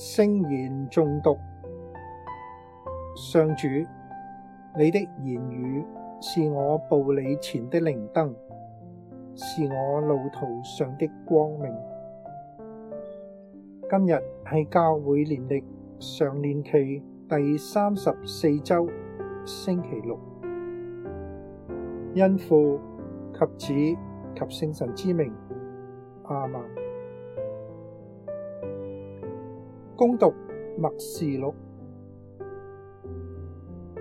聖言誦讀，上主，你的言語是我步履前的靈燈，是我路途上的光明。今日係教會年曆常年期第三十四周星期六，因父及子及聖神之名，阿門。恭讀默示錄，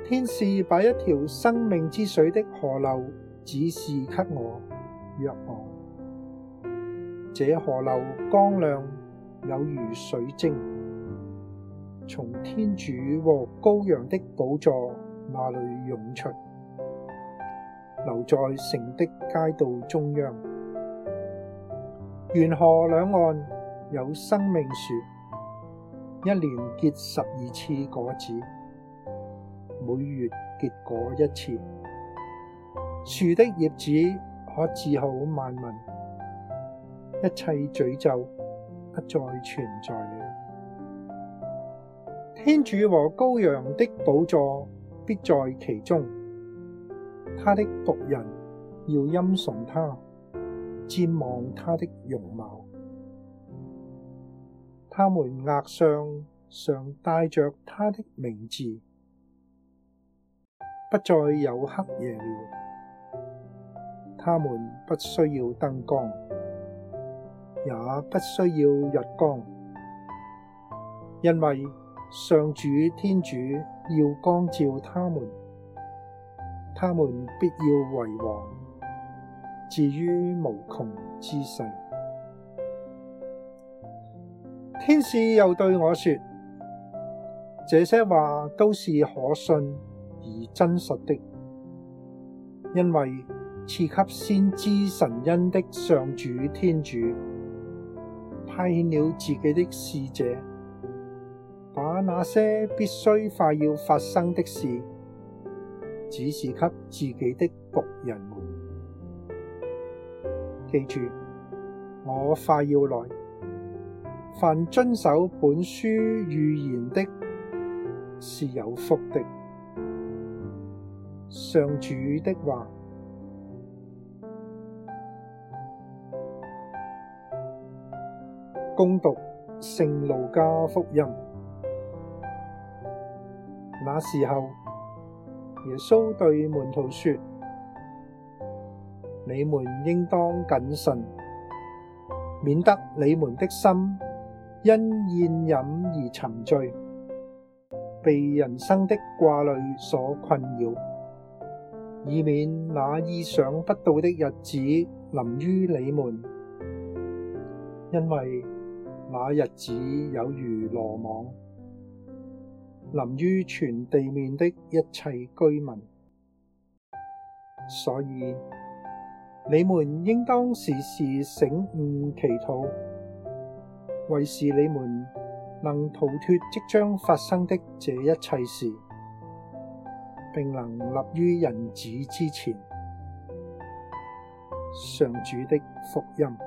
天使把一條生命之水的河流指示給我，若望。這河流光亮有如水晶，從天主和羔羊的寶座那裏湧出，流在城的街道中央。沿河兩岸有生命樹。一年結十二次果子，每月結果一次。樹的葉子可治好萬民，一切詛咒不再存在了。天主和羔羊的寶座必在其中，他的僕人要欽崇他，瞻望他的容貌。他們額上常帶着他的名字，不再有黑夜了。他們不需要燈光，也不需要日光，因為上主天主要光照他們。他們必要為王，至於無窮之世。天使又對我說：這些話都是可信而真實的，因為賜給先知神恩的上主天主，派遣了自己的使者，把那些必須快要發生的事，指示給自己的僕人們。記住，我快要來。凡遵守本書預言的，是有福的。上主的話。恭讀聖路加福音。那時候，耶穌對門徒說，你們應當謹慎，免得你們的心，因宴飲而沉醉，被人生的掛慮所困擾，以免那意想不到的日子臨於你們，因為那日子有如羅網，臨於全地面的一切居民，所以你們應當時時醒寤祈禱，為使你們能逃脫即將發生的這一切事，並能立於人子之前，上主的福音。